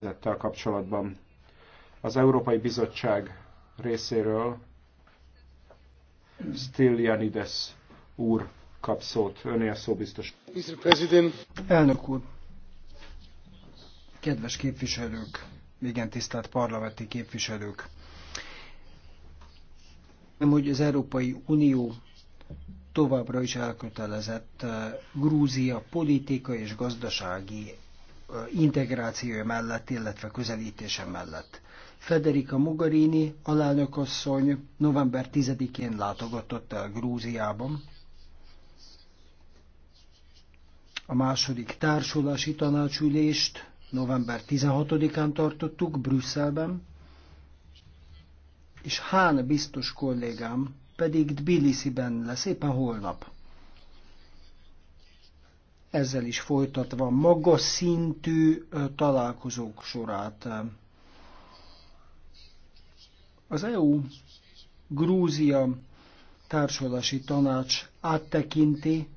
helyzettel kapcsolatban. Az Európai Bizottság részéről Stylianides úr kap szót. Önél szó biztos. Elnök úr, kedves képviselők, igen tisztelt parlamenti képviselők, nem, hogy az Európai Unió továbbra is elkötelezett eh, Grúzia politikai és gazdasági integrációja mellett, illetve közelítése mellett. Federica Mogherini alelnökasszony november 10-én látogatott el Grúziában. A második társulási tanácsülést november 16-án tartottuk Brüsszelben, és Hán biztos kollégám pedig Tbilisiben lesz éppen holnap ezzel is folytatva magas szintű találkozók sorát. Az EU Grúzia társulási tanács áttekinti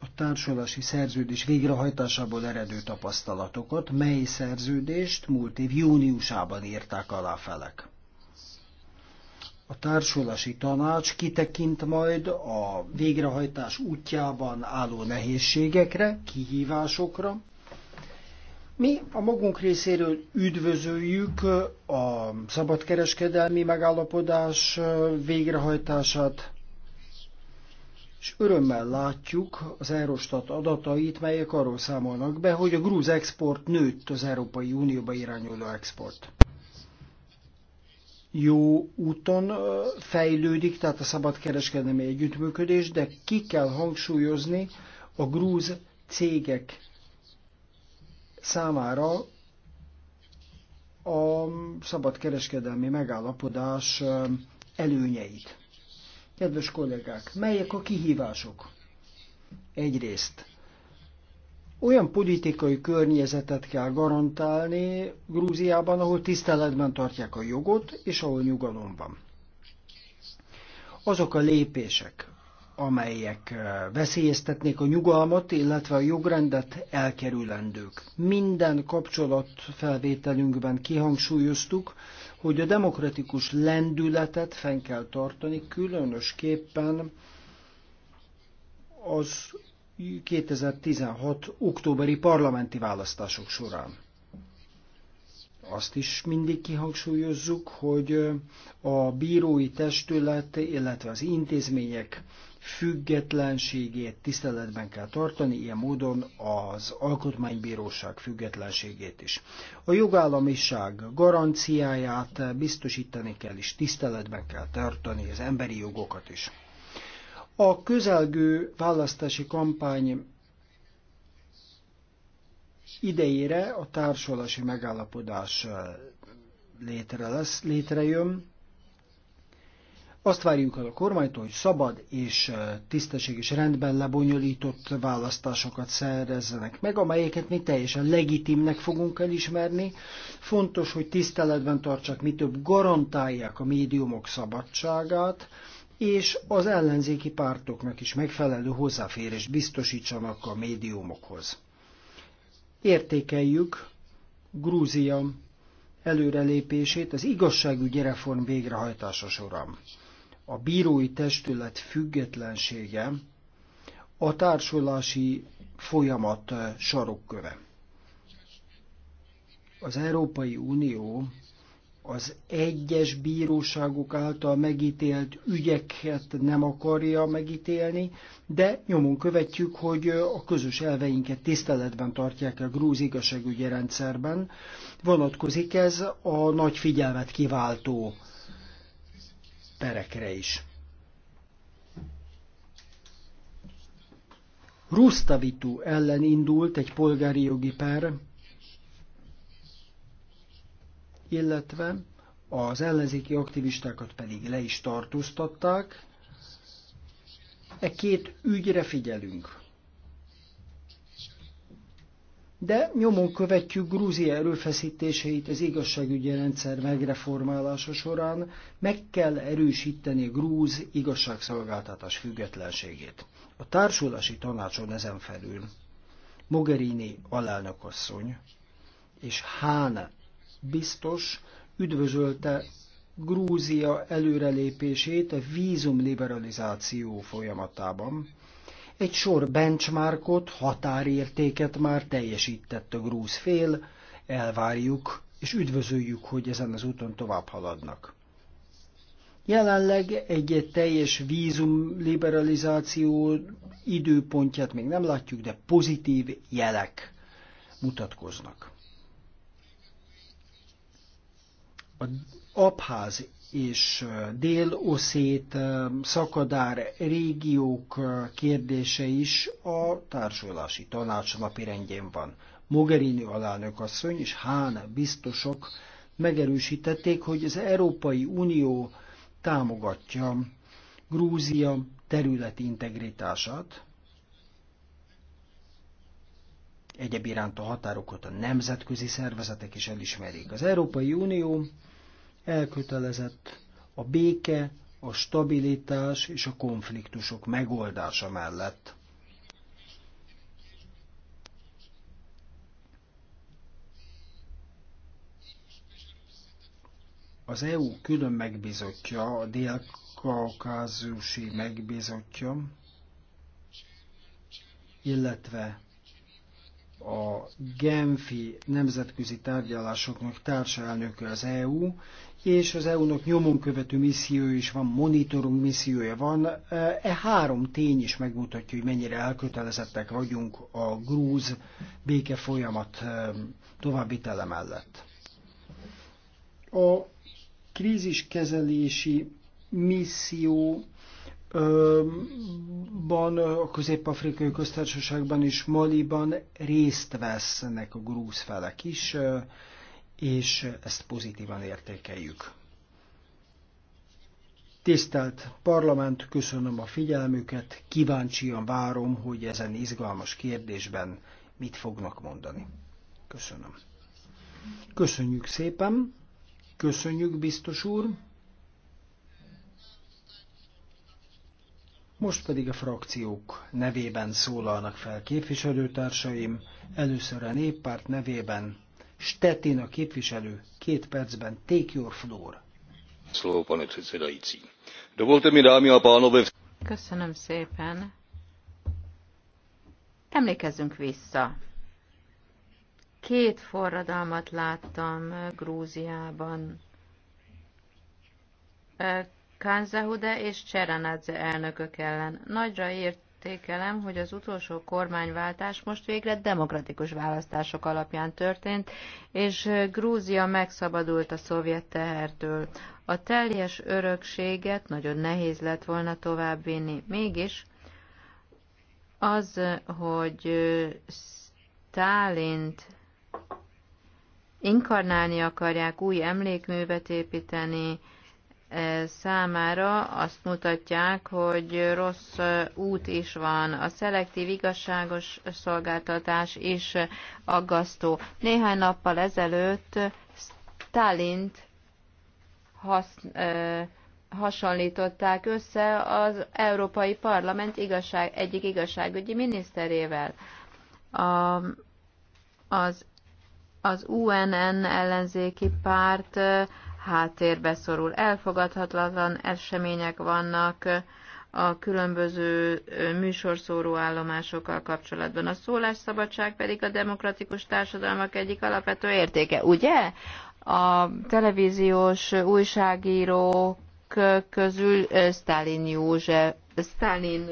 a társulási szerződés végrehajtásából eredő tapasztalatokat, mely szerződést múlt év júniusában írták alá felek a társulási tanács kitekint majd a végrehajtás útjában álló nehézségekre, kihívásokra. Mi a magunk részéről üdvözöljük a szabadkereskedelmi megállapodás végrehajtását, és örömmel látjuk az Eurostat adatait, melyek arról számolnak be, hogy a grúz export nőtt az Európai Unióba irányuló export jó úton fejlődik, tehát a szabadkereskedelmi együttműködés, de ki kell hangsúlyozni a grúz cégek számára a szabadkereskedelmi megállapodás előnyeit. Kedves kollégák, melyek a kihívások? Egyrészt olyan politikai környezetet kell garantálni Grúziában, ahol tiszteletben tartják a jogot, és ahol nyugalom van. Azok a lépések, amelyek eh, veszélyeztetnék a nyugalmat, illetve a jogrendet elkerülendők. Minden kapcsolatfelvételünkben kihangsúlyoztuk, hogy a demokratikus lendületet fenn kell tartani, különösképpen az 2016. októberi parlamenti választások során. Azt is mindig kihangsúlyozzuk, hogy a bírói testület, illetve az intézmények függetlenségét tiszteletben kell tartani, ilyen módon az alkotmánybíróság függetlenségét is. A jogállamiság garanciáját biztosítani kell, és tiszteletben kell tartani az emberi jogokat is. A közelgő választási kampány idejére a társulási megállapodás létre lesz, létrejön. Azt várjuk el a kormánytól, hogy szabad és tisztességes rendben lebonyolított választásokat szerezzenek meg, amelyeket mi teljesen legitimnek fogunk elismerni. Fontos, hogy tiszteletben tartsák, mi több garantálják a médiumok szabadságát, és az ellenzéki pártoknak is megfelelő hozzáférést biztosítsanak a médiumokhoz. Értékeljük Grúzia előrelépését az igazságügyi reform végrehajtása során. A bírói testület függetlensége a társulási folyamat sarokköve. Az Európai Unió az egyes bíróságok által megítélt ügyeket nem akarja megítélni, de nyomon követjük, hogy a közös elveinket tiszteletben tartják a grúz igazságügyi rendszerben. Vonatkozik ez a nagy figyelmet kiváltó perekre is. Rusztavitu ellen indult egy polgári jogi per, illetve az ellenzéki aktivistákat pedig le is tartóztatták. E két ügyre figyelünk. De nyomon követjük Grúzia erőfeszítéseit az igazságügyi rendszer megreformálása során, meg kell erősíteni Grúz igazságszolgáltatás függetlenségét. A társulási tanácson ezen felül Mogherini alelnökasszony és Hán biztos üdvözölte Grúzia előrelépését a vízum liberalizáció folyamatában. Egy sor benchmarkot, határértéket már teljesített a grúz fél, elvárjuk és üdvözöljük, hogy ezen az úton tovább haladnak. Jelenleg egy teljes vízum liberalizáció időpontját még nem látjuk, de pozitív jelek mutatkoznak. a Abház és dél-oszét szakadár régiók kérdése is a társulási tanács napirendjén van. Mogherini alelnök asszony és Hán biztosok megerősítették, hogy az Európai Unió támogatja Grúzia területi integritását, Egyéb iránt a határokat a nemzetközi szervezetek is elismerik. Az Európai Unió elkötelezett a béke, a stabilitás és a konfliktusok megoldása mellett. Az EU külön megbizotja, a dél-kaukázusi megbizotja, illetve a Genfi nemzetközi tárgyalásoknak társelnöke az EU, és az EU-nak nyomon követő missziója is van, monitorunk missziója van. E három tény is megmutatja, hogy mennyire elkötelezettek vagyunk a grúz béke folyamat tele mellett. A kríziskezelési misszió Ban, a Közép-Afrikai Köztársaságban és Maliban részt vesznek a grúz felek is, és ezt pozitívan értékeljük. Tisztelt Parlament, köszönöm a figyelmüket, kíváncsian várom, hogy ezen izgalmas kérdésben mit fognak mondani. Köszönöm. Köszönjük szépen, köszönjük biztos úr. Most pedig a frakciók nevében szólalnak fel képviselőtársaim. Először a néppárt nevében Stettin a képviselő, két percben take your floor. Slovo, pane předsedající. Dovolte mi, dámy a pánové... Köszönöm szépen. Emlékezzünk vissza. Két forradalmat láttam Grúziában, Kánzehude és Cserenadze elnökök ellen. Nagyra értékelem, hogy az utolsó kormányváltás most végre demokratikus választások alapján történt, és Grúzia megszabadult a szovjet tehertől. A teljes örökséget nagyon nehéz lett volna továbbvinni. Mégis az, hogy Stálint inkarnálni akarják, új emlékművet építeni, E, számára azt mutatják, hogy rossz e, út is van. A szelektív igazságos szolgáltatás is aggasztó. Néhány nappal ezelőtt Stalint hasz, e, hasonlították össze az Európai Parlament igazság, egyik igazságügyi miniszterével. A, az, az UNN ellenzéki párt háttérbe szorul. Elfogadhatatlan események vannak a különböző műsorszóró állomásokkal kapcsolatban. A szólásszabadság pedig a demokratikus társadalmak egyik alapvető értéke, ugye? A televíziós újságírók közül Stalin József, Stalin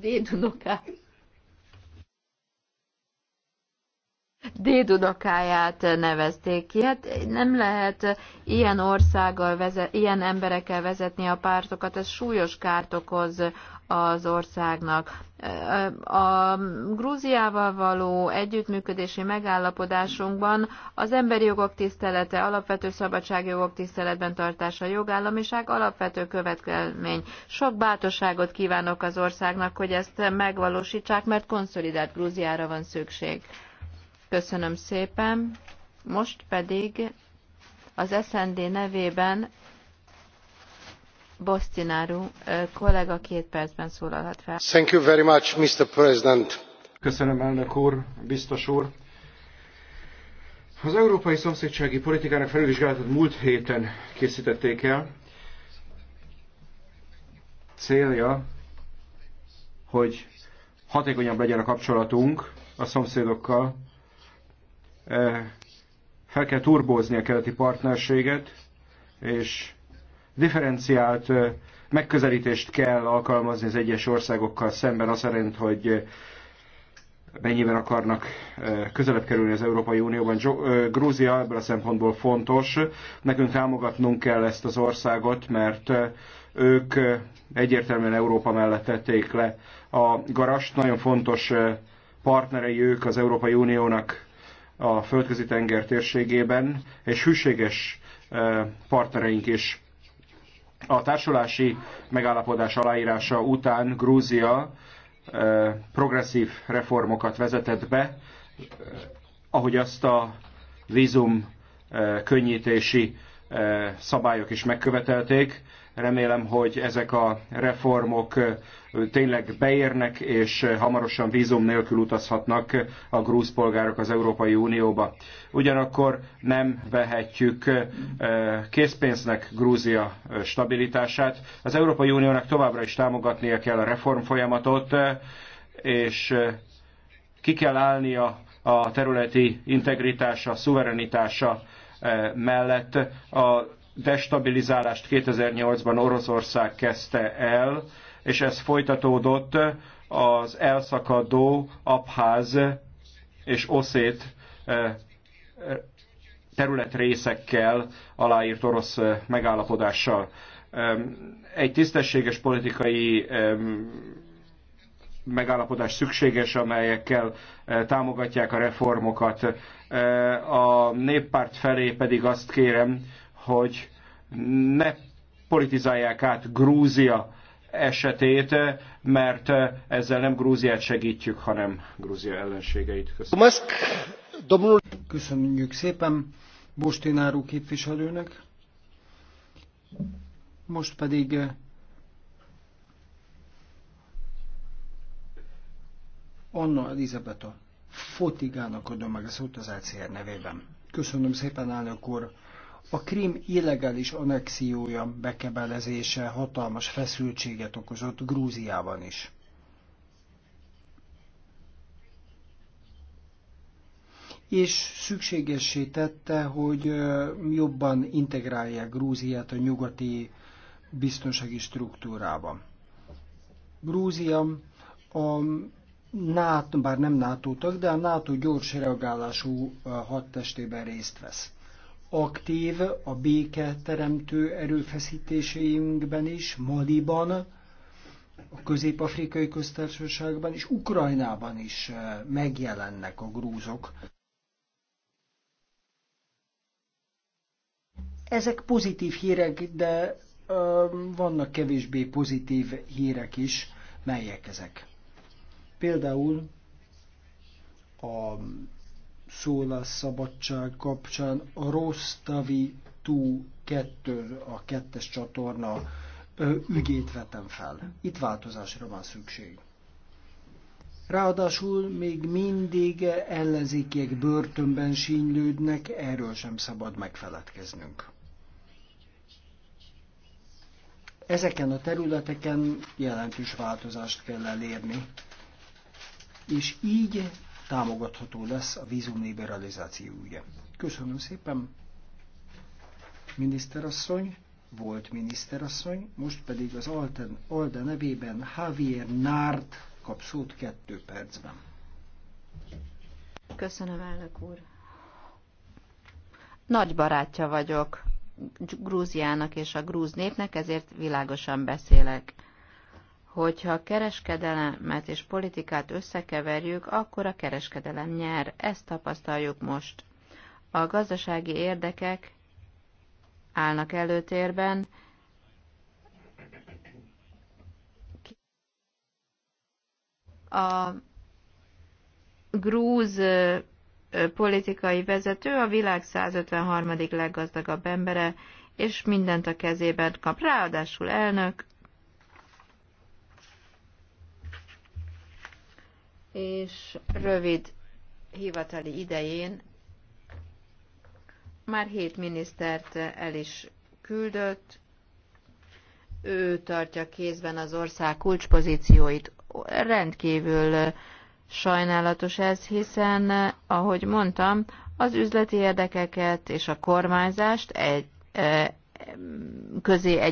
Dédunokát dédunokáját nevezték ki. Hát nem lehet ilyen országgal, vezet, ilyen emberekkel vezetni a pártokat, ez súlyos kárt okoz az országnak. A Grúziával való együttműködési megállapodásunkban az emberi jogok tisztelete, alapvető szabadságjogok tiszteletben tartása, jogállamiság alapvető követelmény. Sok bátorságot kívánok az országnak, hogy ezt megvalósítsák, mert konszolidált Grúziára van szükség. Köszönöm szépen. Most pedig az SND nevében Bosztináru kollega két percben szólalhat fel. Thank you very much, Mr. President. Köszönöm, elnök úr, biztos úr. Az európai szomszédsági politikának felülvizsgálatot múlt héten készítették el. Célja, hogy hatékonyabb legyen a kapcsolatunk a szomszédokkal, E, fel kell turbózni a keleti partnerséget, és differenciált e, megközelítést kell alkalmazni az egyes országokkal szemben, az szerint, hogy mennyiben akarnak e, közelebb kerülni az Európai Unióban. Grúzia ebből a szempontból fontos. Nekünk támogatnunk kell ezt az országot, mert ők egyértelműen Európa mellett tették le a garast. Nagyon fontos partnerei ők az Európai Uniónak a földközi tenger térségében, és hűséges e, partnereink is. A társulási megállapodás aláírása után Grúzia e, progresszív reformokat vezetett be, e, ahogy azt a vízum könnyítési szabályok is megkövetelték. Remélem, hogy ezek a reformok tényleg beérnek, és hamarosan vízum nélkül utazhatnak a grúz polgárok az Európai Unióba. Ugyanakkor nem vehetjük készpénznek Grúzia stabilitását. Az Európai Uniónak továbbra is támogatnia kell a reform folyamatot, és ki kell állnia a területi integritása, szuverenitása mellett. A destabilizálást 2008-ban Oroszország kezdte el, és ez folytatódott az elszakadó abház és oszét eh, eh, területrészekkel aláírt orosz eh, megállapodással. Egy tisztességes politikai megállapodás szükséges, amelyekkel támogatják a reformokat. A néppárt felé pedig azt kérem, hogy ne politizálják át Grúzia esetét, mert ezzel nem Grúziát segítjük, hanem Grúzia ellenségeit. Köszönöm. Köszönjük szépen Bostináró képviselőnek. Most pedig eh, Anna a Fotigának adom meg a szót az ECR nevében. Köszönöm szépen, elnök úr! A krim illegális anexiója bekebelezése hatalmas feszültséget okozott Grúziában is. és szükségessé tette, hogy jobban integrálják Grúziát a nyugati biztonsági struktúrába. Grúzia a NATO, bár nem NATO tag, de a NATO gyors reagálású hadtestében részt vesz aktív a béke teremtő erőfeszítéseinkben is, Maliban, a Közép-Afrikai Köztársaságban és Ukrajnában is eh, megjelennek a grúzok. Ezek pozitív hírek, de ö, eh, vannak kevésbé pozitív hírek is. Melyek ezek? Például a szólásszabadság kapcsán a Rostavi 2 a kettes csatorna ügyét vetem fel. Itt változásra van szükség. Ráadásul még mindig ellenzékiek börtönben sínylődnek, erről sem szabad megfeledkeznünk. Ezeken a területeken jelentős változást kell elérni, és így támogatható lesz a vízum liberalizáció ügye. Köszönöm szépen, miniszterasszony, volt miniszterasszony, most pedig az Alten, Alde nevében Javier Nárt kap szót kettő percben. Köszönöm, elnök úr. Nagy barátja vagyok Grúziának és a grúz népnek, ezért világosan beszélek hogyha a kereskedelemet és politikát összekeverjük, akkor a kereskedelem nyer. Ezt tapasztaljuk most. A gazdasági érdekek állnak előtérben, a grúz politikai vezető a világ 153. leggazdagabb embere, és mindent a kezében kap, ráadásul elnök, és rövid hivatali idején már hét minisztert el is küldött, ő tartja kézben az ország kulcspozícióit. Rendkívül sajnálatos ez, hiszen, ahogy mondtam, az üzleti érdekeket és a kormányzást egy, közé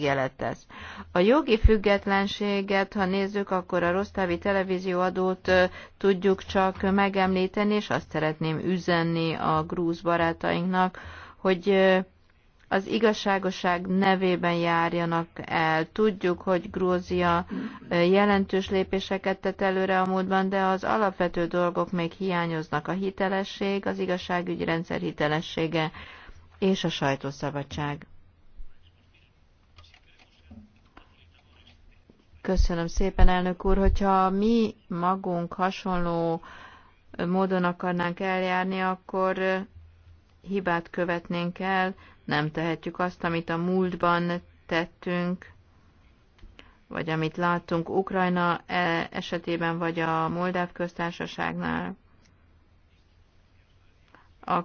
jelet tesz. A jogi függetlenséget, ha nézzük, akkor a Rosztávi televízióadót tudjuk csak megemlíteni, és azt szeretném üzenni a grúz barátainknak, hogy az igazságosság nevében járjanak el. Tudjuk, hogy Grúzia jelentős lépéseket tett előre a múltban, de az alapvető dolgok még hiányoznak. A hitelesség, az igazságügyi rendszer hitelessége és a sajtószabadság. Köszönöm szépen, elnök úr, hogyha mi magunk hasonló módon akarnánk eljárni, akkor hibát követnénk el, nem tehetjük azt, amit a múltban tettünk, vagy amit láttunk Ukrajna e, esetében, vagy a Moldáv köztársaságnál. A,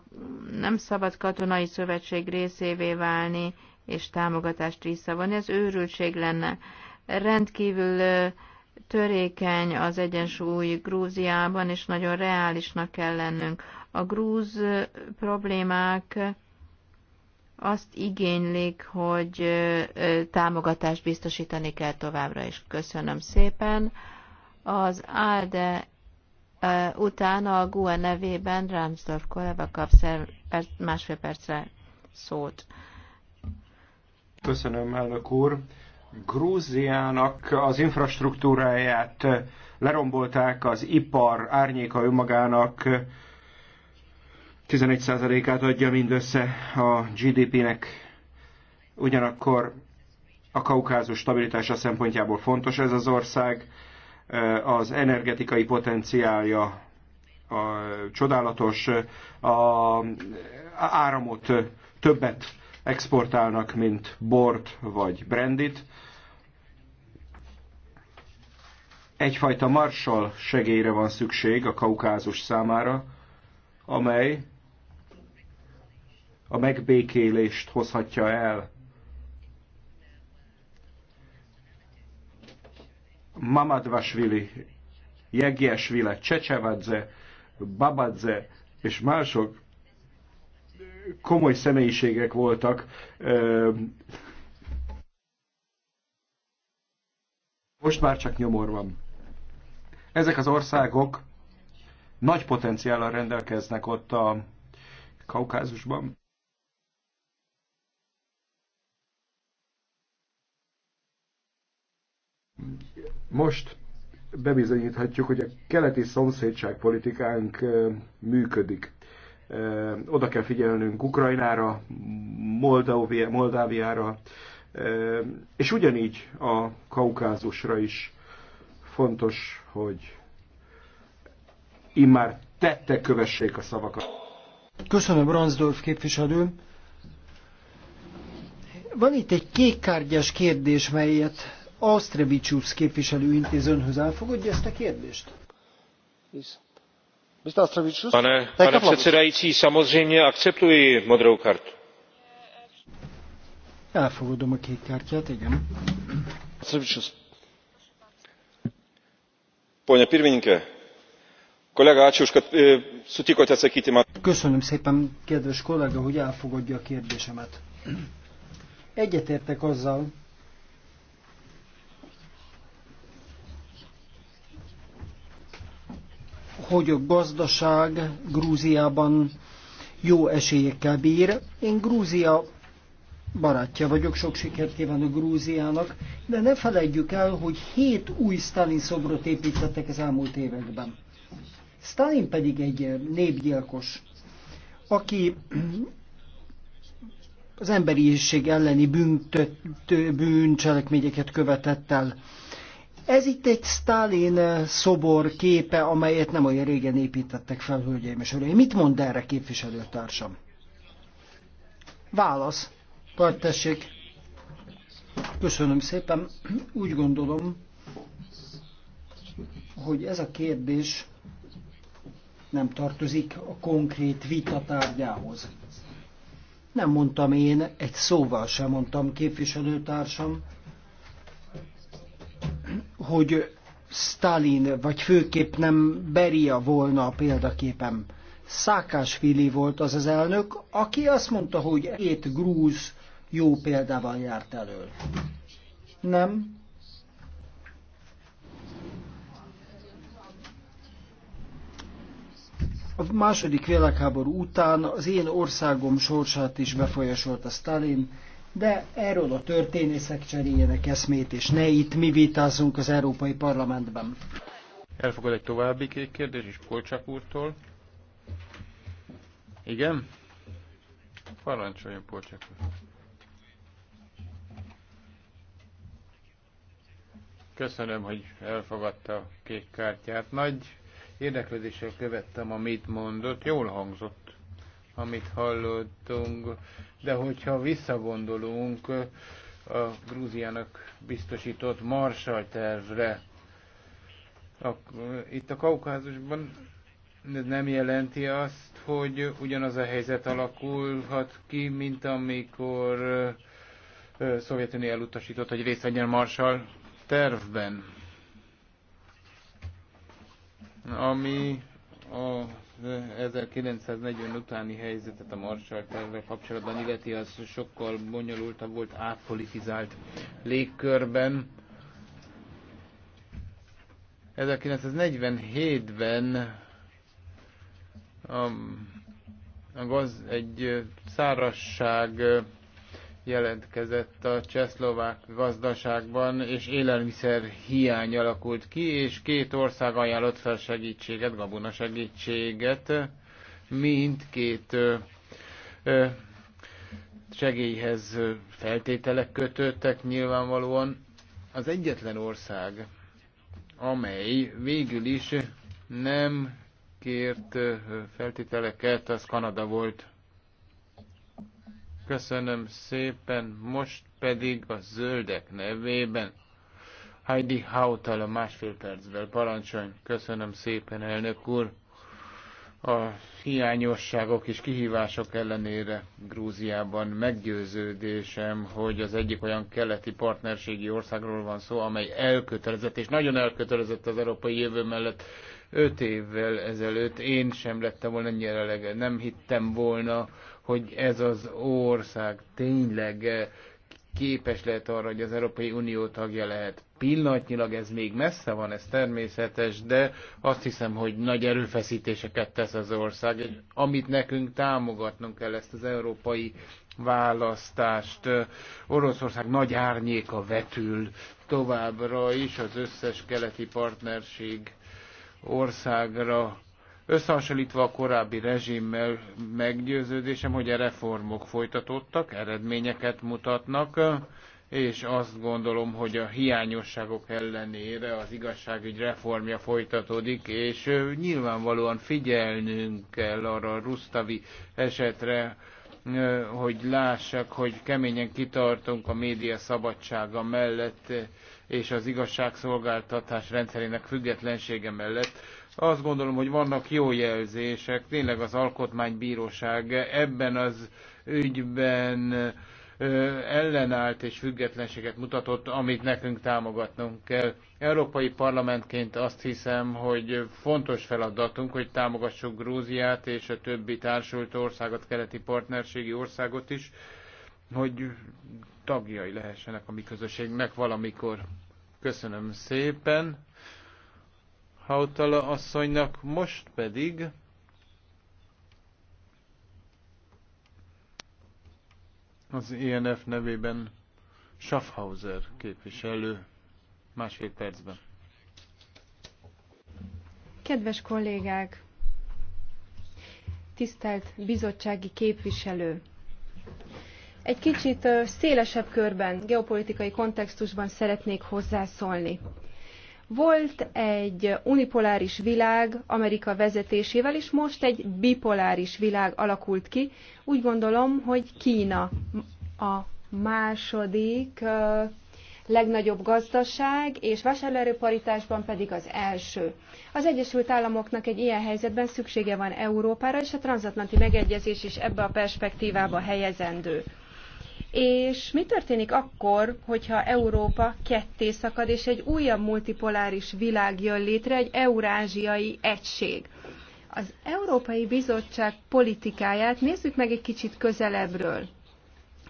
nem szabad katonai szövetség részévé válni, és támogatást visszavonni, ez őrültség lenne rendkívül törékeny az egyensúly Grúziában, és nagyon reálisnak kell lennünk. A grúz problémák azt igénylik, hogy támogatást biztosítani kell továbbra is. Köszönöm szépen. Az ALDE utána a GUE nevében Ramsdorf Koleva kap másfél percre szót. Köszönöm, elnök úr. Grúziának az infrastruktúráját lerombolták, az ipar árnyéka önmagának 11%-át adja mindössze a GDP-nek. Ugyanakkor a kaukázus stabilitása szempontjából fontos ez az ország, az energetikai potenciálja a, csodálatos, a, áramot többet exportálnak, mint bort vagy brandit. Egyfajta marsal segélyre van szükség a kaukázus számára, amely a megbékélést hozhatja el. Mamadvasvili, Jegyesvile, Csecsevadze, Babadze és mások komoly személyiségek voltak. Most már csak nyomor van. Ezek az országok nagy potenciállal rendelkeznek ott a Kaukázusban. Most bebizonyíthatjuk, hogy a keleti politikánk működik oda kell figyelnünk Ukrajnára, Moldávi, Moldáviára, és ugyanígy a Kaukázusra is fontos, hogy immár tette kövessék a szavakat. Köszönöm, Ransdorf képviselő. Van itt egy kékkárgyás kérdés, melyet Astrevicius képviselő intéz önhöz elfogadja ezt a kérdést? Please pane předsedající samozřejmě akceptuji modrou kartu. elfogadom a kék kártyát igen. pone pirmininke kolega ačiū už kad sutikote atsakyti köszönöm szépen hogy a kérdésemet. egyetértek hogy a gazdaság Grúziában jó esélyekkel bír. Én Grúzia barátja vagyok, sok sikert kívánok Grúziának, de ne felejtjük el, hogy hét új Stalin szobrot építettek az elmúlt években. Stalin pedig egy népgyilkos, aki az emberiség elleni bűncselekményeket követett el. Ez itt egy Stalin eh, szobor képe, amelyet nem olyan régen építettek fel, hölgyeim és uraim. Mit mond erre képviselőtársam? Válasz. Vagy tessék. Köszönöm szépen. Úgy gondolom, hogy ez a kérdés nem tartozik a konkrét vita tárgyához. Nem mondtam én, egy szóval sem mondtam képviselőtársam, hogy Stalin, vagy főképp nem Beria volna a példaképem. Szákásvili volt az az elnök, aki azt mondta, hogy két grúz jó példával járt elől. Nem? A második világháború után az én országom sorsát is befolyásolta Stalin, de erről a történészek cseréljenek eszmét, és ne itt mi vitázzunk az Európai Parlamentben. Elfogad egy további kérdés is Polcsák úrtól. Igen? Parancsoljon Polcsák úr. Köszönöm, hogy elfogadta a kék kártyát. Nagy érdeklődéssel követtem, amit mondott. Jól hangzott, amit hallottunk de hogyha visszagondolunk a Grúziának biztosított Marshall tervre, a, itt a Kaukázusban ez nem jelenti azt, hogy ugyanaz a helyzet alakulhat ki, mint amikor Szovjetunió elutasított, hogy részt vegyen Marshall tervben. Ami a 1940 utáni helyzetet a Marshall tervvel kapcsolatban illeti, az sokkal bonyolultabb volt átpolitizált légkörben. 1947-ben a, a gaz, egy szárasság jelentkezett a csehszlovák gazdaságban, és élelmiszer hiány alakult ki, és két ország ajánlott fel segítséget, gabona segítséget, mindkét segélyhez feltételek kötöttek nyilvánvalóan. Az egyetlen ország, amely végül is nem kért feltételeket, az Kanada volt Köszönöm szépen, most pedig a zöldek nevében Heidi Hautal a másfél percvel parancsolj. Köszönöm szépen, elnök úr. A hiányosságok és kihívások ellenére Grúziában meggyőződésem, hogy az egyik olyan keleti partnerségi országról van szó, amely elkötelezett, és nagyon elkötelezett az európai jövő mellett. Öt évvel ezelőtt én sem lettem volna ennyire elege, nem hittem volna, hogy ez az ország tényleg eh, képes lehet arra, hogy az Európai Unió tagja lehet. Pillanatnyilag ez még messze van, ez természetes, de azt hiszem, hogy nagy erőfeszítéseket tesz az ország, amit nekünk támogatnunk kell ezt az európai választást. Eh, Oroszország nagy árnyéka vetül továbbra is az összes keleti partnerség országra Összehasonlítva a korábbi rezsimmel meggyőződésem, hogy a reformok folytatottak, eredményeket mutatnak, és azt gondolom, hogy a hiányosságok ellenére az igazságügy reformja folytatódik, és nyilvánvalóan figyelnünk kell arra a Rusztavi esetre, hogy lássak, hogy keményen kitartunk a média szabadsága mellett és az igazságszolgáltatás rendszerének függetlensége mellett. Azt gondolom, hogy vannak jó jelzések. Tényleg az Alkotmánybíróság ebben az ügyben ellenállt és függetlenséget mutatott, amit nekünk támogatnunk kell. Európai Parlamentként azt hiszem, hogy fontos feladatunk, hogy támogassuk Grúziát és a többi társult országot, keleti partnerségi országot is, hogy tagjai lehessenek a mi közösségnek valamikor. Köszönöm szépen. Hautala asszonynak, most pedig az INF e nevében Schaffhauser képviselő másfél percben. Kedves kollégák, tisztelt bizottsági képviselő! Egy kicsit szélesebb körben, geopolitikai kontextusban szeretnék hozzászólni. Volt egy unipoláris világ Amerika vezetésével, és most egy bipoláris világ alakult ki. Úgy gondolom, hogy Kína a második legnagyobb gazdaság, és vásárlóerőparitásban pedig az első. Az Egyesült Államoknak egy ilyen helyzetben szüksége van Európára, és a transatlanti megegyezés is ebbe a perspektívába helyezendő. És mi történik akkor, hogyha Európa ketté szakad, és egy újabb multipoláris világ jön létre, egy eurázsiai egység? Az Európai Bizottság politikáját nézzük meg egy kicsit közelebbről.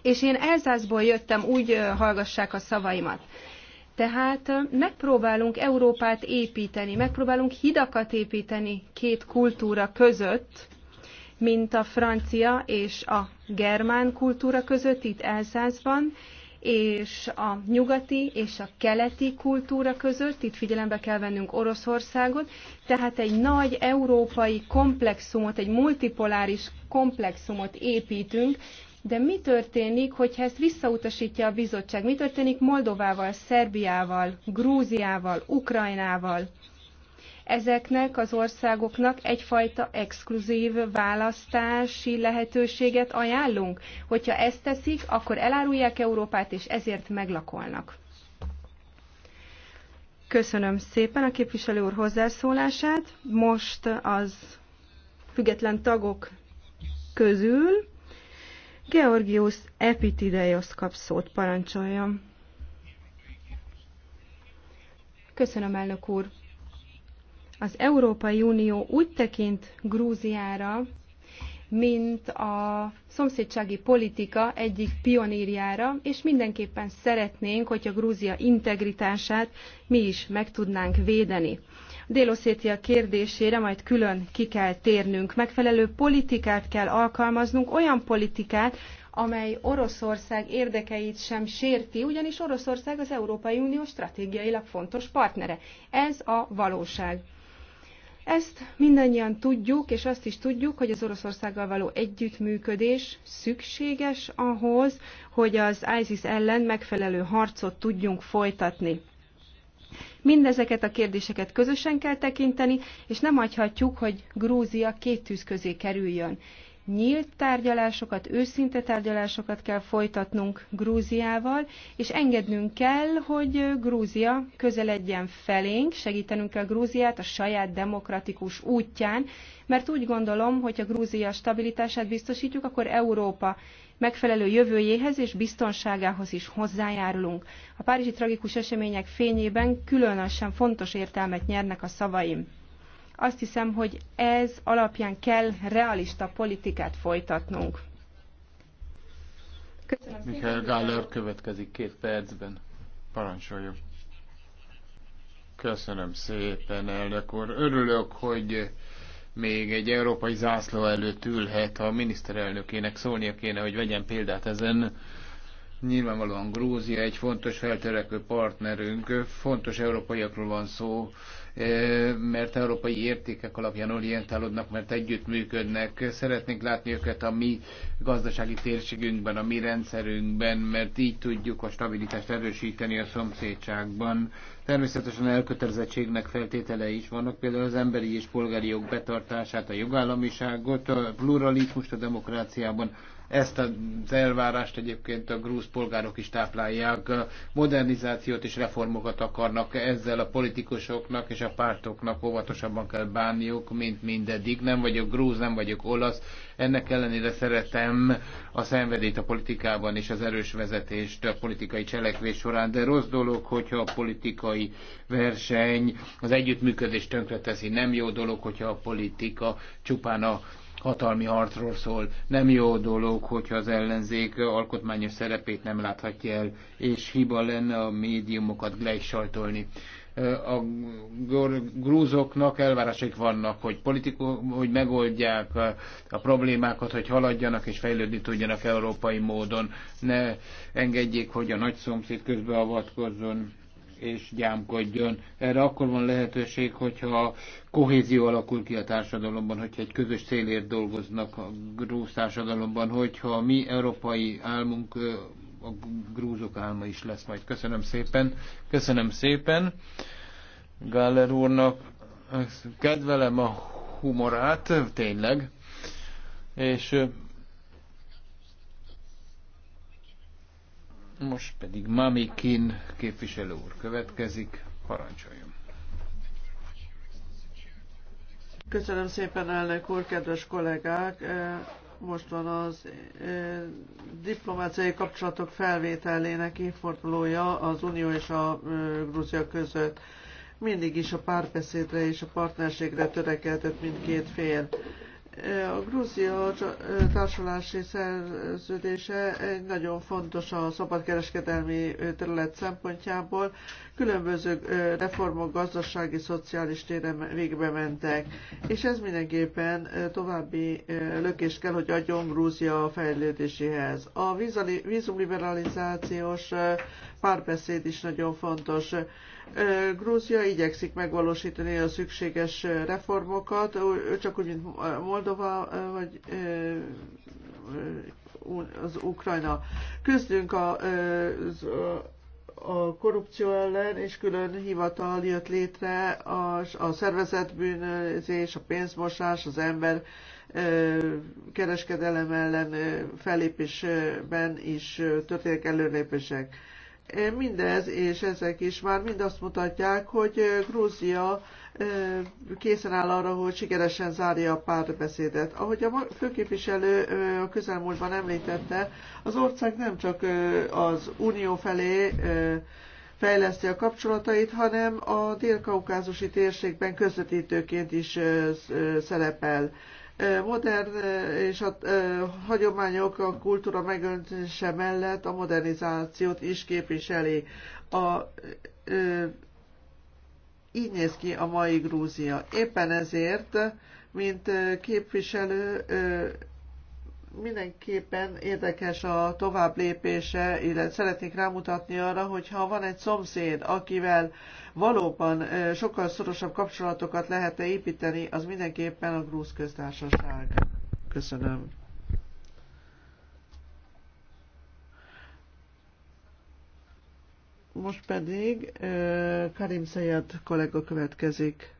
És én Elzászból jöttem, úgy hallgassák a szavaimat. Tehát megpróbálunk Európát építeni, megpróbálunk hidakat építeni két kultúra között, mint a francia és a germán kultúra között itt Elszázban, és a nyugati és a keleti kultúra között, itt figyelembe kell vennünk Oroszországot, tehát egy nagy európai komplexumot, egy multipoláris komplexumot építünk, de mi történik, hogyha ezt visszautasítja a bizottság? Mi történik Moldovával, Szerbiával, Grúziával, Ukrajnával? ezeknek az országoknak egyfajta exkluzív választási lehetőséget ajánlunk? Hogyha ezt teszik, akkor elárulják Európát, és ezért meglakolnak. Köszönöm szépen a képviselő úr hozzászólását. Most az független tagok közül Georgius Epitideios kap szót, parancsoljon. Köszönöm, elnök úr az Európai Unió úgy tekint Grúziára, mint a szomszédsági politika egyik pionírjára, és mindenképpen szeretnénk, hogy a Grúzia integritását mi is meg tudnánk védeni. Déloszétia kérdésére majd külön ki kell térnünk. Megfelelő politikát kell alkalmaznunk, olyan politikát, amely Oroszország érdekeit sem sérti, ugyanis Oroszország az Európai Unió stratégiailag fontos partnere. Ez a valóság. Ezt mindannyian tudjuk, és azt is tudjuk, hogy az Oroszországgal való együttműködés szükséges ahhoz, hogy az ISIS ellen megfelelő harcot tudjunk folytatni. Mindezeket a kérdéseket közösen kell tekinteni, és nem hagyhatjuk, hogy Grúzia két tűz közé kerüljön nyílt tárgyalásokat, őszinte tárgyalásokat kell folytatnunk Grúziával, és engednünk kell, hogy Grúzia közeledjen felénk, segítenünk kell Grúziát a saját demokratikus útján, mert úgy gondolom, hogy a Grúzia stabilitását biztosítjuk, akkor Európa megfelelő jövőjéhez és biztonságához is hozzájárulunk. A párizsi tragikus események fényében különösen fontos értelmet nyernek a szavaim. Azt hiszem, hogy ez alapján kell realista politikát folytatnunk. Köszönöm Michael következik két percben. Parancsoljon. Köszönöm szépen, elnök úr. Örülök, hogy még egy európai zászló előtt ülhet, a miniszterelnökének szólnia kéne, hogy vegyen példát ezen Nyilvánvalóan Grúzia egy fontos feltörekvő partnerünk, fontos európaiakról van szó, eh, mert európai értékek alapján orientálódnak, mert együttműködnek. Szeretnénk látni őket a mi gazdasági térségünkben, a mi rendszerünkben, mert így tudjuk a stabilitást erősíteni a szomszédságban. Természetesen elkötelezettségnek feltétele is vannak, például az emberi és polgári jog betartását, a jogállamiságot, a pluralizmust a demokráciában, ezt az elvárást egyébként a grúz polgárok is táplálják. Modernizációt és reformokat akarnak ezzel a politikusoknak és a pártoknak óvatosabban kell bánniuk, mint mindeddig. Nem vagyok grúz, nem vagyok olasz. Ennek ellenére szeretem a szenvedélyt a politikában és az erős vezetést a politikai cselekvés során, de rossz dolog, hogyha a politikai verseny az együttműködést tönkreteszi. Nem jó dolog, hogyha a politika csupán a hatalmi harcról szól. Nem jó dolog, hogyha az ellenzék alkotmányos szerepét nem láthatja el, és hiba lenne a médiumokat gleichsaltolni. A grúzoknak elvárásaik vannak, hogy, politikó, hogy megoldják a problémákat, hogy haladjanak és fejlődni tudjanak európai módon. Ne engedjék, hogy a nagy szomszéd közbeavatkozzon és gyámkodjon. Erre akkor van lehetőség, hogyha kohézió alakul ki a társadalomban, hogyha egy közös célért dolgoznak a grúz társadalomban, hogyha a mi európai álmunk a grúzok álma is lesz majd. Köszönöm szépen. Köszönöm szépen Galler úrnak. Kedvelem a humorát, tényleg. És Most pedig Mami Kin képviselő úr következik, parancsoljon. Köszönöm szépen, elnök úr, kedves kollégák! Eh, most van az eh, diplomáciai kapcsolatok felvételének évfordulója az Unió és a eh, Grúzia között. Mindig is a párbeszédre és a partnerségre törekedett mindkét fél a Grúzia társulási szerződése egy nagyon fontos a szabadkereskedelmi terület szempontjából. Különböző reformok gazdasági, szociális téren végbe mentek, és ez mindenképpen további lökést kell, hogy adjon Grúzia fejlődéséhez. A vízumliberalizációs párbeszéd is nagyon fontos. Grúzia igyekszik megvalósítani a szükséges reformokat, csak úgy, mint Moldova vagy az Ukrajna. Küzdünk a, a korrupció ellen, és külön hivatal jött létre a, a szervezetbűnözés, a pénzmosás, az ember kereskedelem ellen fellépésben is történik előrépések. Mindez és ezek is már mind azt mutatják, hogy Grúzia készen áll arra, hogy sikeresen zárja a párbeszédet. Ahogy a főképviselő a közelmúltban említette, az ország nem csak az unió felé fejleszti a kapcsolatait, hanem a dél-kaukázusi térségben közvetítőként is szerepel modern és a hagyományok a kultúra megöntése mellett a modernizációt is képviseli. A, így néz ki a mai Grúzia. Éppen ezért, mint képviselő, mindenképpen érdekes a tovább lépése, illetve szeretnék rámutatni arra, hogy ha van egy szomszéd, akivel valóban sokkal szorosabb kapcsolatokat lehet -e építeni, az mindenképpen a grúz köztársaság. Köszönöm. Most pedig Karim Szejed kollega következik.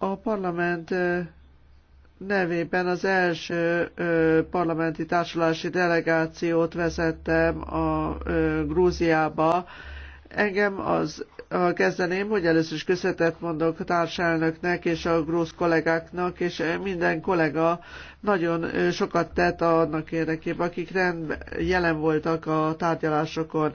A parlament nevében az első ö, parlamenti társulási delegációt vezettem a ö, Grúziába. Engem az a kezdeném, hogy először is köszönetet mondok a társelnöknek és a grúz kollégáknak, és minden kollega nagyon sokat tett annak érdekében, akik rend jelen voltak a tárgyalásokon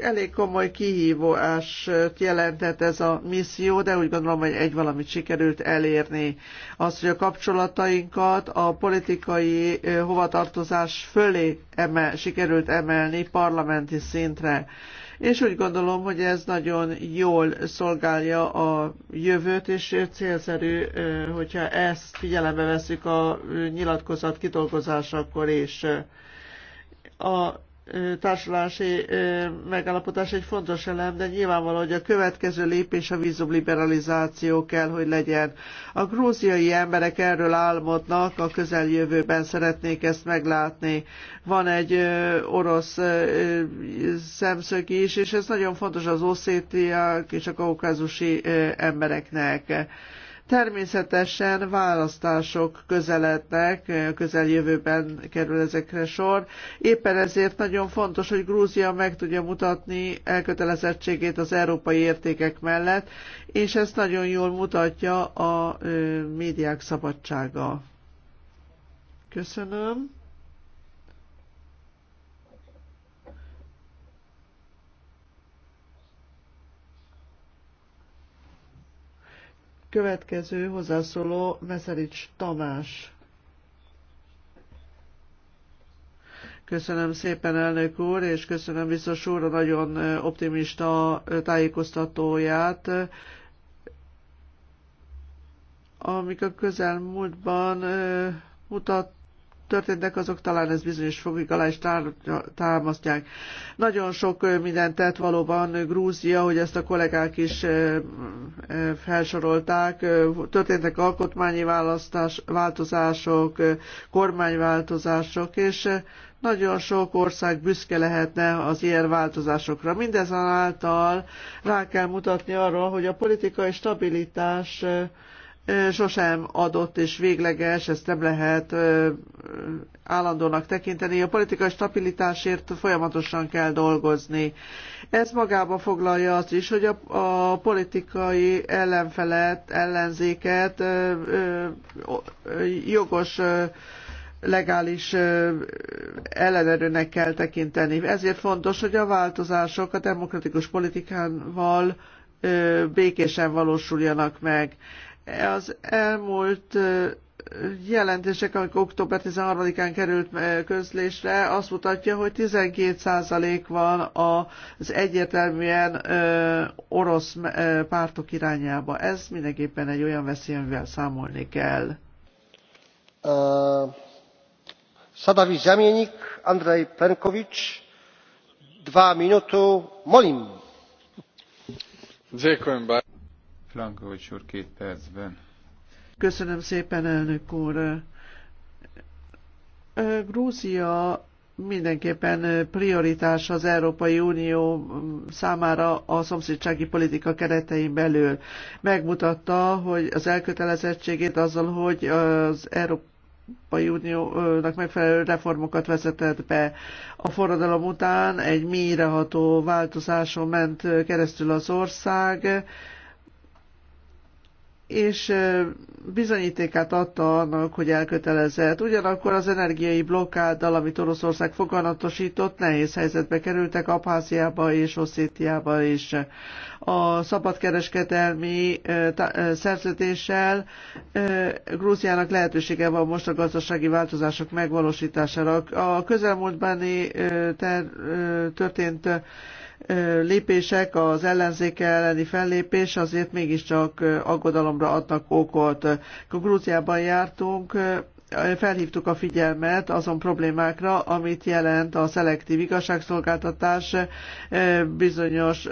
elég komoly kihívást jelentett ez a misszió, de úgy gondolom, hogy egy valamit sikerült elérni. Az, hogy a kapcsolatainkat a politikai hovatartozás fölé emel, sikerült emelni parlamenti szintre. És úgy gondolom, hogy ez nagyon jól szolgálja a jövőt, és célszerű, hogyha ezt figyelembe veszük a nyilatkozat kidolgozásakor is. A társulási megállapodás egy fontos elem, de nyilvánvaló, hogy a következő lépés a vízumliberalizáció kell, hogy legyen. A grúziai emberek erről álmodnak, a közeljövőben szeretnék ezt meglátni. Van egy orosz szemszög is, és ez nagyon fontos az oszétiak és a kaukázusi embereknek. Természetesen választások közelednek, közeljövőben kerül ezekre sor. Éppen ezért nagyon fontos, hogy Grúzia meg tudja mutatni elkötelezettségét az európai értékek mellett, és ezt nagyon jól mutatja a médiák szabadsága. Köszönöm. Következő hozzászóló Veszelics Tamás. Köszönöm szépen, elnök úr, és köszönöm biztos úr a nagyon optimista tájékoztatóját. Amik a közelmúltban mutat történtek, azok talán ez bizonyos fogig alá is támasztják. Nagyon sok mindent tett valóban Grúzia, hogy ezt a kollégák is felsorolták. Történtek alkotmányi választás, változások, kormányváltozások, és nagyon sok ország büszke lehetne az ilyen változásokra. Mindezonáltal rá kell mutatni arról, hogy a politikai stabilitás sosem adott és végleges, ezt nem lehet állandónak tekinteni. A politikai stabilitásért folyamatosan kell dolgozni. Ez magába foglalja azt is, hogy a, a politikai ellenfelet, ellenzéket ö, ö, jogos ö, legális ellenerőnek kell tekinteni. Ezért fontos, hogy a változások a demokratikus politikával békésen valósuljanak meg. Az elmúlt jelentések, amik október 13-án került közlésre, azt mutatja, hogy 12% van az egyértelműen orosz pártok irányába. Ez mindenképpen egy olyan veszély, amivel számolni kell. Uh, Szadavi Zsemjenik, Andrei Plenkovics, dva minutu, molim. Dziękuję bardzo úr két percben. Köszönöm szépen, elnök úr. Grúzia mindenképpen prioritás az Európai Unió számára a szomszédsági politika keretein belül. Megmutatta, hogy az elkötelezettségét azzal, hogy az Európai Európai Uniónak megfelelő reformokat vezetett be. A forradalom után egy mélyreható változáson ment keresztül az ország, és bizonyítékát adta annak, hogy elkötelezett. Ugyanakkor az energiai blokkáddal, amit Oroszország foganatosított, nehéz helyzetbe kerültek Abháziába és Oszétiába is. A szabadkereskedelmi szerződéssel Grúziának lehetősége van most a gazdasági változások megvalósítására. A közelmúltbani történt lépések, az ellenzék elleni fellépés azért mégiscsak aggodalomra adnak okot. Akkor Grúziában jártunk, felhívtuk a figyelmet azon problémákra, amit jelent a szelektív igazságszolgáltatás bizonyos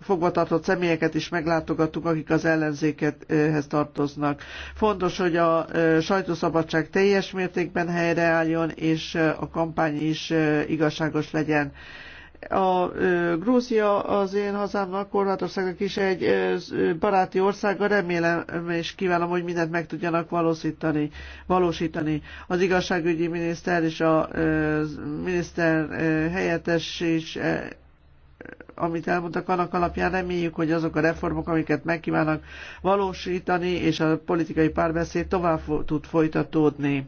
fogvatartott személyeket is meglátogattuk, akik az ellenzékethez tartoznak. Fontos, hogy a sajtószabadság teljes mértékben helyreálljon, és a kampány is igazságos legyen a Grúzia az én hazámnak, Horvátországnak is egy baráti országa, remélem és kívánom, hogy mindent meg tudjanak valósítani. valósítani. Az igazságügyi miniszter és a miniszter helyettes is amit elmondtak, annak alapján reméljük, hogy azok a reformok, amiket megkívánnak valósítani, és a politikai párbeszéd tovább tud folytatódni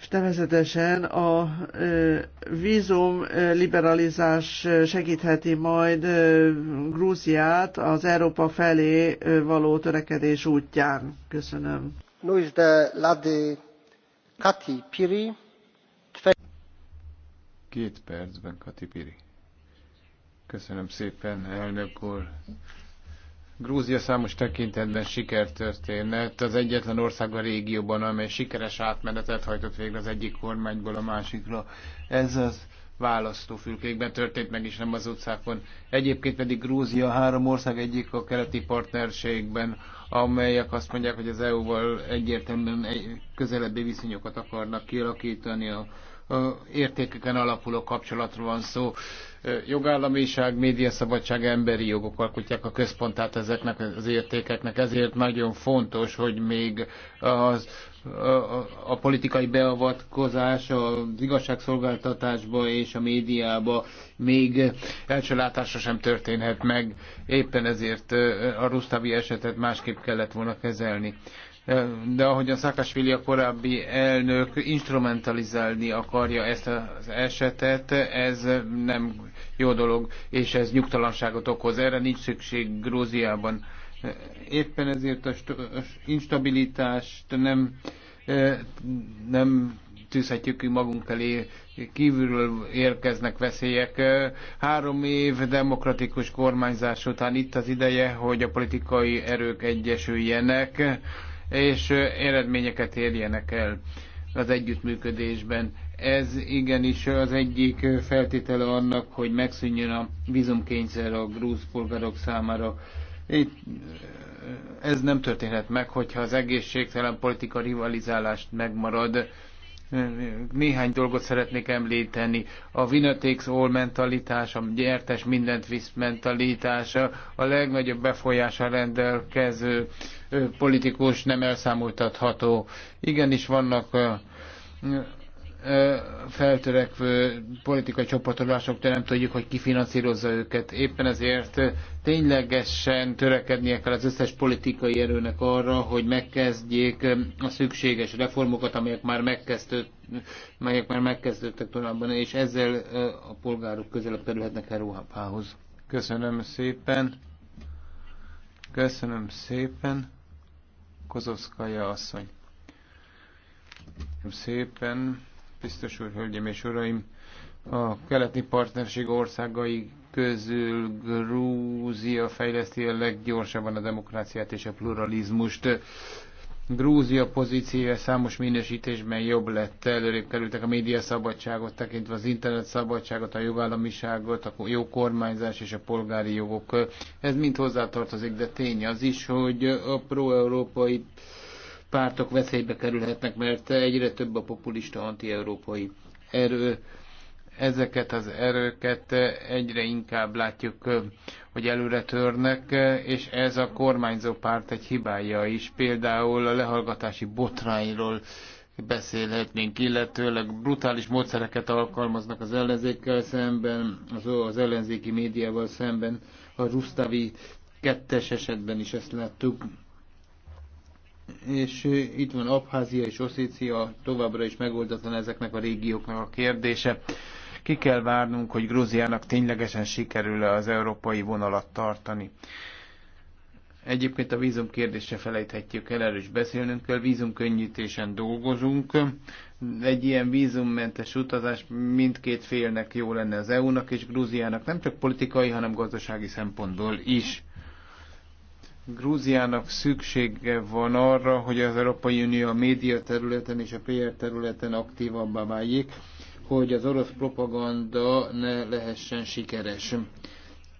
és nevezetesen a vízum liberalizás segítheti majd Grúziát az Európa felé való törekedés útján. Köszönöm. No, is de Lady Kati Piri. Két percben Kati Piri. Köszönöm szépen, elnök úr. Grúzia számos tekintetben sikertörténet. Az egyetlen ország a régióban, amely sikeres átmenetet hajtott végre az egyik kormányból a másikra. Ez az választófülkékben történt meg, is, nem az utcákon. Egyébként pedig Grúzia három ország egyik a keleti partnerségben, amelyek azt mondják, hogy az EU-val egyértelműen közelebbi viszonyokat akarnak kialakítani a értékeken alapuló kapcsolatról van szó. Jogállamiság, médiaszabadság, emberi jogok alkotják a központát ezeknek az értékeknek, ezért nagyon fontos, hogy még az, a, a politikai beavatkozás az igazságszolgáltatásba és a médiába még elcsalátásra sem történhet meg. Éppen ezért a Rusztavi esetet másképp kellett volna kezelni de ahogy a Szákásvili a korábbi elnök instrumentalizálni akarja ezt az esetet, ez nem jó dolog, és ez nyugtalanságot okoz. Erre nincs szükség Grúziában. Éppen ezért a instabilitást nem, e, nem tűzhetjük ki magunk elé, kívülről érkeznek veszélyek. Három év demokratikus kormányzás után itt az ideje, hogy a politikai erők egyesüljenek, és eredményeket érjenek el az együttműködésben. Ez igenis az egyik feltétele annak, hogy megszűnjön a vízumkényszer a grúz polgárok számára. Itt ez nem történhet meg, hogyha az egészségtelen politika rivalizálást megmarad. Néhány dolgot szeretnék említeni. A Vinatex all mentalitás, a gyertes mindent visz mentalitása, a legnagyobb befolyása rendelkező politikus nem elszámoltatható. Igenis vannak feltörekvő politikai csoportosulások nem tudjuk, hogy ki finanszírozza őket. Éppen ezért ténylegesen törekednie kell az összes politikai erőnek arra, hogy megkezdjék a szükséges reformokat, amelyek már, megkezdőd, melyek már megkezdődtek tulajdonban, és ezzel a polgárok közelebb kerülhetnek Európához. Köszönöm szépen. Köszönöm szépen. Kozovszkaja asszony. Köszönöm szépen biztos úr, hölgyeim és uraim! A keleti partnerség országai közül Grúzia fejleszti a leggyorsabban a demokráciát és a pluralizmust. Grúzia pozíciója számos minősítésben jobb lett, előrébb kerültek a média szabadságot, tekintve az internet szabadságot, a jogállamiságot, a jó kormányzás és a polgári jogok. Ez mind hozzátartozik, de tény az is, hogy a pro-európai pártok veszélybe kerülhetnek, mert egyre több a populista anti-európai erő. Ezeket az erőket egyre inkább látjuk, hogy előre törnek, és ez a kormányzó párt egy hibája is. Például a lehallgatási botrányról beszélhetnénk, illetőleg brutális módszereket alkalmaznak az ellenzékkel szemben, az, az ellenzéki médiával szemben, a Rusztavi kettes esetben is ezt láttuk és itt van Abházia és Oszícia, továbbra is megoldatlan ezeknek a régióknak a kérdése. Ki kell várnunk, hogy Grúziának ténylegesen sikerül-e az európai vonalat tartani. Egyébként a vízum kérdése felejthetjük el, erről is beszélnünk kell, vízumkönnyítésen dolgozunk. Egy ilyen vízummentes utazás mindkét félnek jó lenne az EU-nak és Grúziának, nem csak politikai, hanem gazdasági szempontból is. Grúziának szüksége van arra, hogy az Európai Unió a média területen és a PR területen aktívabbá váljék, hogy az orosz propaganda ne lehessen sikeres.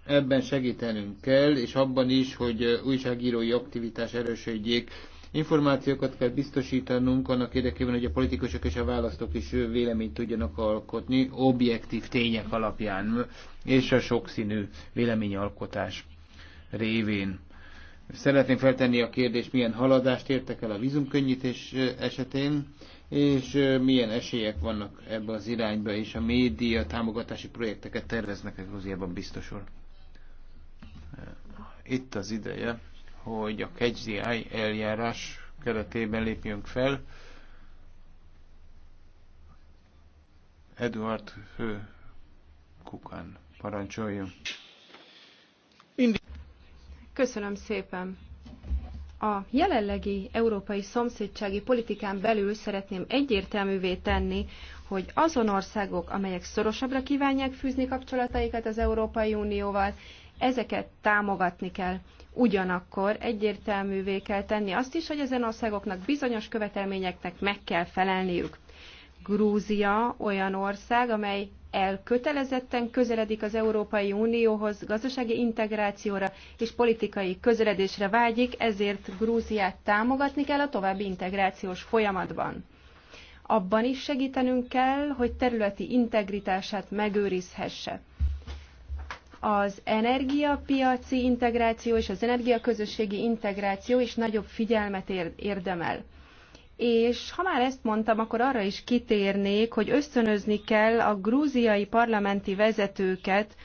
Ebben segítenünk kell, és abban is, hogy újságírói aktivitás erősödjék. Információkat kell biztosítanunk annak érdekében, hogy a politikusok és a választók is véleményt tudjanak alkotni objektív tények alapján és a sokszínű véleményalkotás révén Szeretném feltenni a kérdést, milyen haladást értek el a vízumkönnyítés esetén, és milyen esélyek vannak ebbe az irányba, és a média támogatási projekteket terveznek-e Grúziában biztosul. Itt az ideje, hogy a KGI eljárás keretében lépjünk fel. Eduard Fő Kukan parancsoljon. Köszönöm szépen! A jelenlegi európai szomszédsági politikán belül szeretném egyértelművé tenni, hogy azon országok, amelyek szorosabbra kívánják fűzni kapcsolataikat az Európai Unióval, ezeket támogatni kell. Ugyanakkor egyértelművé kell tenni azt is, hogy ezen országoknak bizonyos követelményeknek meg kell felelniük. Grúzia olyan ország, amely elkötelezetten közeledik az Európai Unióhoz, gazdasági integrációra és politikai közeledésre vágyik, ezért Grúziát támogatni kell a további integrációs folyamatban. Abban is segítenünk kell, hogy területi integritását megőrizhesse az energiapiaci integráció és az energiaközösségi integráció is nagyobb figyelmet érdemel. És ha már ezt mondtam, akkor arra is kitérnék, hogy ösztönözni kell a grúziai parlamenti vezetőket,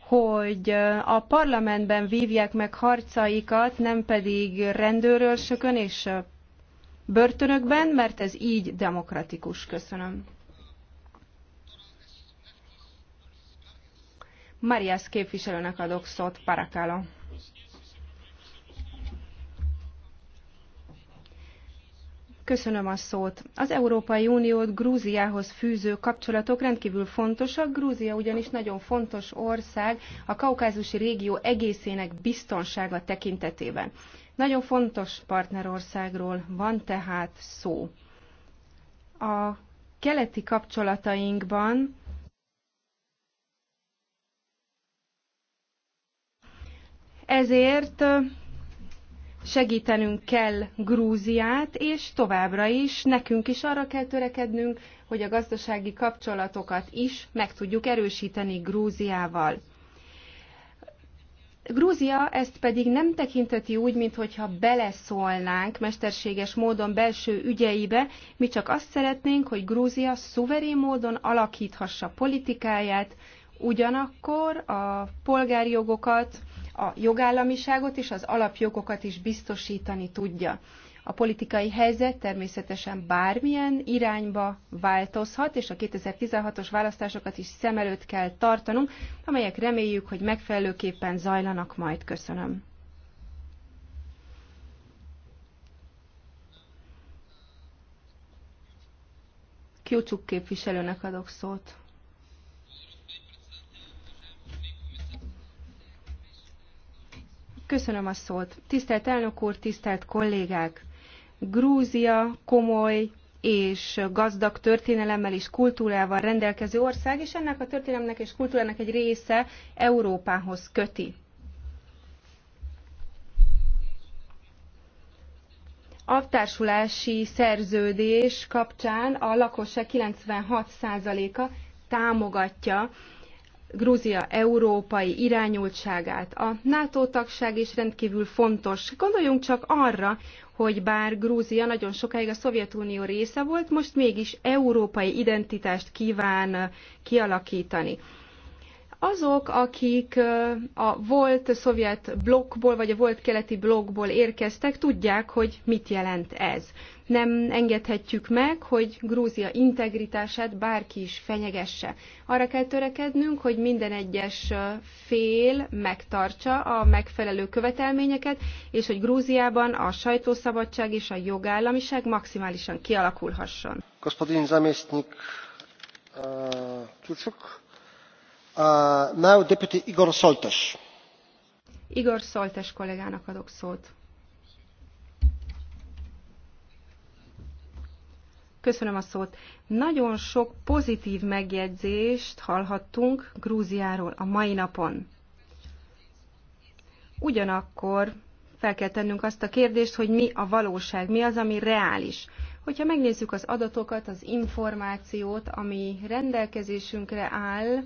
hogy a parlamentben vívják meg harcaikat, nem pedig rendőrőrsökön és börtönökben, mert ez így demokratikus. Köszönöm. Marias képviselőnek adok szót, Parakalo. Köszönöm a szót. Az Európai Uniót Grúziához fűző kapcsolatok rendkívül fontosak. Grúzia ugyanis nagyon fontos ország a kaukázusi régió egészének biztonsága tekintetében. Nagyon fontos partnerországról van tehát szó. A keleti kapcsolatainkban ezért segítenünk kell Grúziát, és továbbra is nekünk is arra kell törekednünk, hogy a gazdasági kapcsolatokat is meg tudjuk erősíteni Grúziával. Grúzia ezt pedig nem tekinteti úgy, mintha beleszólnánk mesterséges módon belső ügyeibe, mi csak azt szeretnénk, hogy Grúzia szuverén módon alakíthassa politikáját, ugyanakkor a polgárjogokat, a jogállamiságot és az alapjogokat is biztosítani tudja. A politikai helyzet természetesen bármilyen irányba változhat, és a 2016-os választásokat is szem előtt kell tartanunk, amelyek reméljük, hogy megfelelőképpen zajlanak majd. Köszönöm. Kiucsuk képviselőnek adok szót. Köszönöm a szót. Tisztelt elnök úr, tisztelt kollégák! Grúzia komoly és gazdag történelemmel és kultúrával rendelkező ország, és ennek a történelemnek és kultúrának egy része Európához köti. A társulási szerződés kapcsán a lakosság 96%-a támogatja Grúzia európai irányultságát. A NATO tagság is rendkívül fontos. Gondoljunk csak arra, hogy bár Grúzia nagyon sokáig a Szovjetunió része volt, most mégis európai identitást kíván kialakítani. Azok, akik a volt szovjet blokkból, vagy a volt keleti blokkból érkeztek, tudják, hogy mit jelent ez. Nem engedhetjük meg, hogy Grúzia integritását bárki is fenyegesse. Arra kell törekednünk, hogy minden egyes fél megtartsa a megfelelő követelményeket, és hogy Grúziában a sajtószabadság és a jogállamiság maximálisan kialakulhasson. Господин заместник Чучук, Uh, Igor Soltes. kollégának adok szót. Köszönöm a szót. Nagyon sok pozitív megjegyzést hallhattunk Grúziáról a mai napon. Ugyanakkor fel kell tennünk azt a kérdést, hogy mi a valóság, mi az, ami reális. Hogyha megnézzük az adatokat, az információt, ami rendelkezésünkre áll,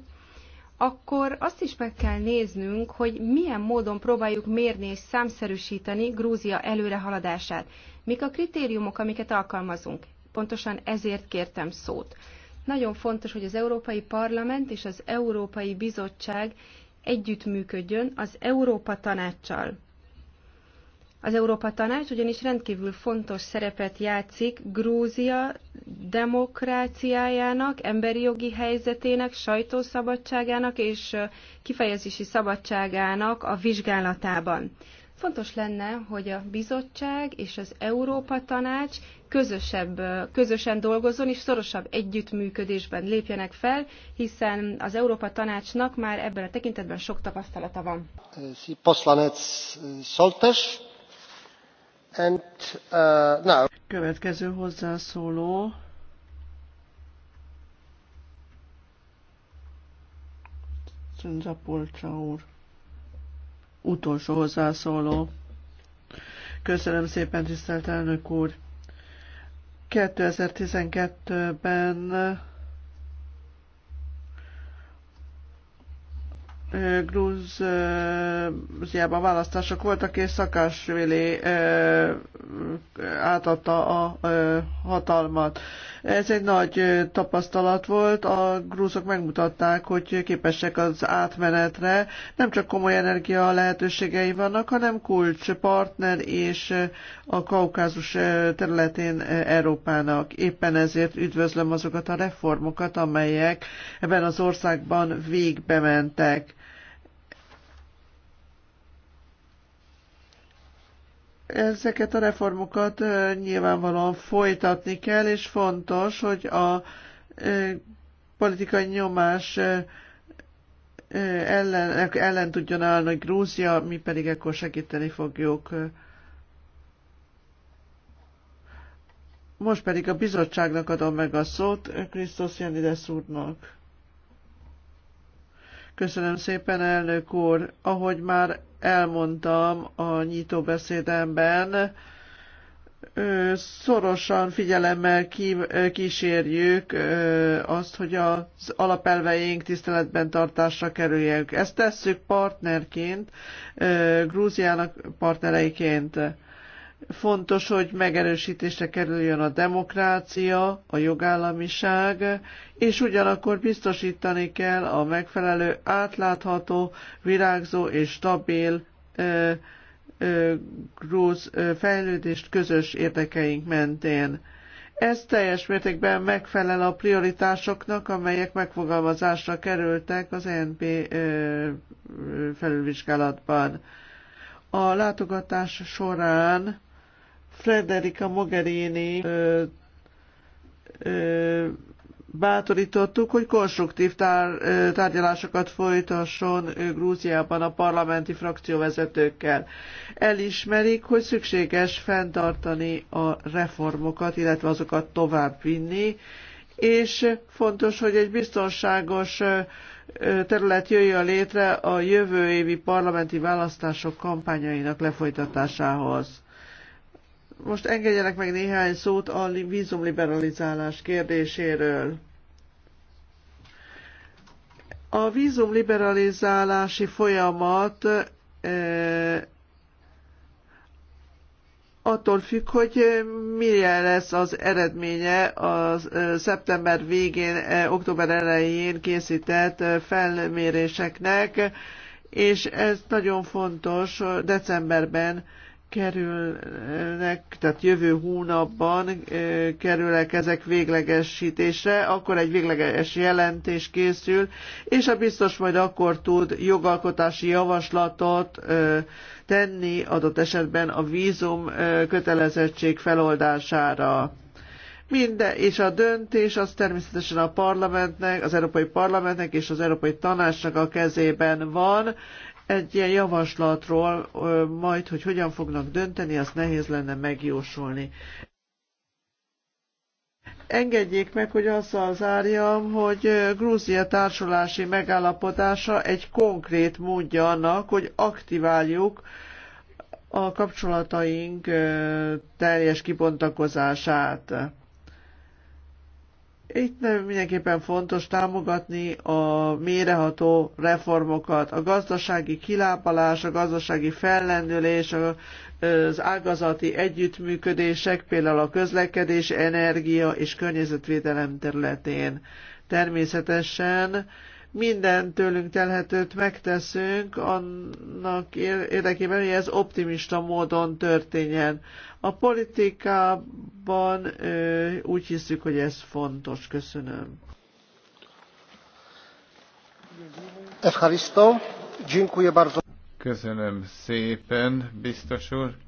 akkor azt is meg kell néznünk, hogy milyen módon próbáljuk mérni és számszerűsíteni Grúzia előrehaladását. Mik a kritériumok, amiket alkalmazunk? Pontosan ezért kértem szót. Nagyon fontos, hogy az Európai Parlament és az Európai Bizottság együttműködjön az Európa Tanácssal. Az Európa Tanács ugyanis rendkívül fontos szerepet játszik Grúzia demokráciájának, emberi jogi helyzetének, sajtószabadságának és kifejezési szabadságának a vizsgálatában. Fontos lenne, hogy a bizottság és az Európa Tanács közösebb, közösen dolgozzon és szorosabb együttműködésben lépjenek fel, hiszen az Európa Tanácsnak már ebben a tekintetben sok tapasztalata van. Poslanec Szoltes. And, uh, now. Következő hozzászóló. Szenzapolcsa úr. Utolsó hozzászóló. Köszönöm szépen, tisztelt elnök úr. 2012-ben Grúziában választások voltak, és Szakásvili átadta a hatalmat. Ez egy nagy tapasztalat volt, a grúzok megmutatták, hogy képesek az átmenetre. Nem csak komoly energia lehetőségei vannak, hanem kulcs partner és a kaukázus területén Európának. Éppen ezért üdvözlöm azokat a reformokat, amelyek ebben az országban végbe mentek Ezeket a reformokat nyilvánvalóan folytatni kell, és fontos, hogy a politikai nyomás ellen, ellen tudjon állni Grúzia, mi pedig ekkor segíteni fogjuk. Most pedig a bizottságnak adom meg a szót Krisztus Janides úrnak. Köszönöm szépen, elnök úr. Ahogy már elmondtam a nyitó beszédemben, szorosan figyelemmel kísérjük azt, hogy az alapelveink tiszteletben tartásra kerüljenek. Ezt tesszük partnerként, Grúziának partnereiként Fontos, hogy megerősítésre kerüljön a demokrácia, a jogállamiság, és ugyanakkor biztosítani kell a megfelelő, átlátható, virágzó és stabil ö, ö, grúz ö, fejlődést közös érdekeink mentén. Ez teljes mértékben megfelel a prioritásoknak, amelyek megfogalmazásra kerültek az NP felülvizsgálatban. A látogatás során Frederica Mogherini ö, ö, bátorítottuk, hogy konstruktív tár, tárgyalásokat folytasson Grúziában a parlamenti frakcióvezetőkkel. Elismerik, hogy szükséges fenntartani a reformokat, illetve azokat továbbvinni, és fontos, hogy egy biztonságos terület jöjjön létre a jövő évi parlamenti választások kampányainak lefolytatásához most engedjenek meg néhány szót a vízumliberalizálás kérdéséről. A vízumliberalizálási folyamat e, attól függ, hogy milyen lesz az eredménye a e, szeptember végén, e, október elején készített felméréseknek, és ez nagyon fontos decemberben kerülnek, tehát jövő hónapban kerülnek ezek véglegesítésre, akkor egy végleges jelentés készül, és a biztos majd akkor tud jogalkotási javaslatot tenni adott esetben a vízum kötelezettség feloldására. Minden, és a döntés az természetesen a parlamentnek, az Európai Parlamentnek és az Európai Tanácsnak a kezében van egy ilyen javaslatról majd, hogy hogyan fognak dönteni, azt nehéz lenne megjósolni. Engedjék meg, hogy azzal zárjam, hogy Grúzia társulási megállapodása egy konkrét módja annak, hogy aktiváljuk a kapcsolataink teljes kibontakozását. Itt nem mindenképpen fontos támogatni a méreható reformokat, a gazdasági kilábalás, a gazdasági fellendülés, az ágazati együttműködések, például a közlekedés, energia és környezetvédelem területén. Természetesen minden tőlünk telhetőt megteszünk annak érdekében, hogy ez optimista módon történjen. A politikában úgy hiszük, hogy ez fontos. Köszönöm. Köszönöm szépen, biztos úr.